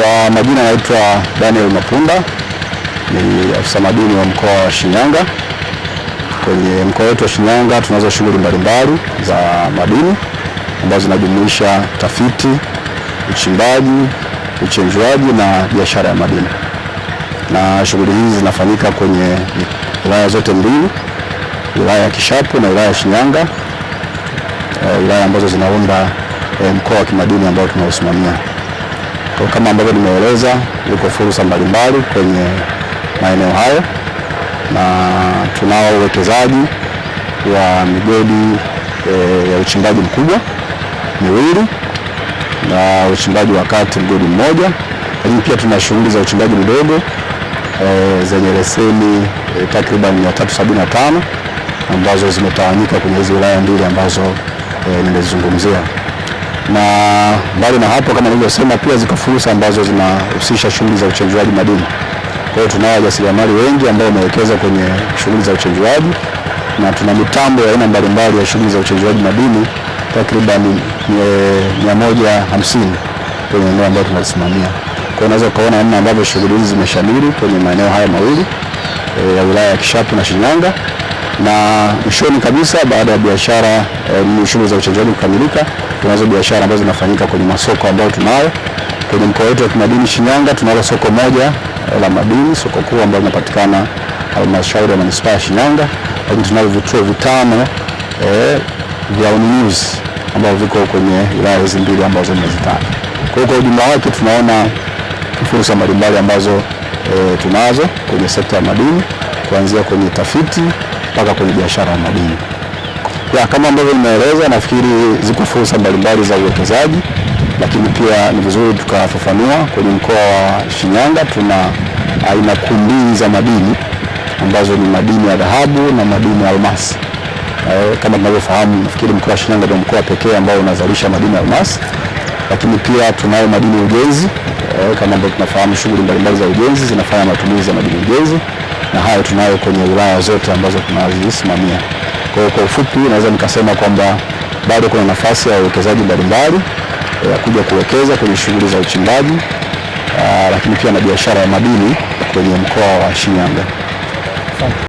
Kwa majina naitwa Daniel Mapunda, ni afisa madini wa mkoa wa Shinyanga. Kwenye mkoa wetu wa Shinyanga tunazo shughuli mbalimbali za madini ambazo zinajumuisha tafiti, uchimbaji, uchenjuaji na biashara ya madini, na shughuli hizi zinafanyika kwenye wilaya zote mbili, wilaya ya Kishapu na wilaya ya Shinyanga, eh, wilaya ambazo zinaunda eh, mkoa wa kimadini ambao tunaosimamia kama ambavyo nimeeleza, liko fursa mbalimbali kwenye maeneo hayo, na tunao uwekezaji wa migodi e, ya uchimbaji mkubwa miwili na uchimbaji wa kati mgodi mmoja, lakini pia tuna shughuli za uchimbaji mdogo e, zenye leseni e, takriban tano ambazo zimetawanyika kwenye hizi wilaya mbili ambazo e, nimezungumzia na mbali na hapo, kama nilivyosema, pia ziko fursa ambazo zinahusisha shughuli za uchenjuaji madini. Kwa hiyo tunao wajasiriamali wengi ambao wamewekeza kwenye shughuli za uchenjuaji na tuna mitambo ya aina mbalimbali ya shughuli za uchenjuaji madini takriban mia moja hamsini kwenye eneo ambayo tunasimamia Kwa hiyo unaweza ukaona namna ambavyo shughuli hizi zimeshamiri kwenye maeneo haya mawili eh, ya wilaya ya kishapu na Shinyanga na mwishoni kabisa, baada ya biashara e, shughuli za uchangiaji kukamilika, tunazo biashara ambazo zinafanyika kwenye masoko ambayo tunayo kwenye mkoa wetu wa kimadini Shinyanga. Tunalo soko moja eh, la madini, soko kuu ambalo linapatikana halmashauri ya manispaa ya Shinyanga, lakini tunavyo vituo vitano eh, vya ununuzi ambao viko kwenye wilaya hizi mbili ambazo nimezitaja. Kwa hiyo kwa ujumla wake tunaona fursa mbalimbali ambazo e, tunazo kwenye sekta ya madini kuanzia kwenye tafiti mpaka kwenye biashara ya madini. Ya, kama ambavyo nimeeleza, nafikiri ziko fursa mbalimbali za uwekezaji, lakini pia ni vizuri tukafafanua kwenye mkoa wa Shinyanga tuna aina kuu mbili za madini ambazo ni madini ya dhahabu na madini ya almasi. Eh, kama tunavyofahamu, nafikiri mkoa wa Shinyanga ndio mkoa pekee ambao unazalisha madini ya almasi lakini pia tunayo madini ya ujenzi e, kama ambavyo tunafahamu shughuli mbalimbali za ujenzi zinafanya matumizi ya madini ya ujenzi, na hayo tunayo kwenye wilaya zote ambazo tunazisimamia. Kwa hiyo kwa ufupi, naweza nikasema kwamba bado kuna nafasi ya uwekezaji mbalimbali ya eh, e, kuja kuwekeza kwenye shughuli za uchimbaji ah, lakini pia na biashara ya madini kwenye mkoa wa Shinyanga.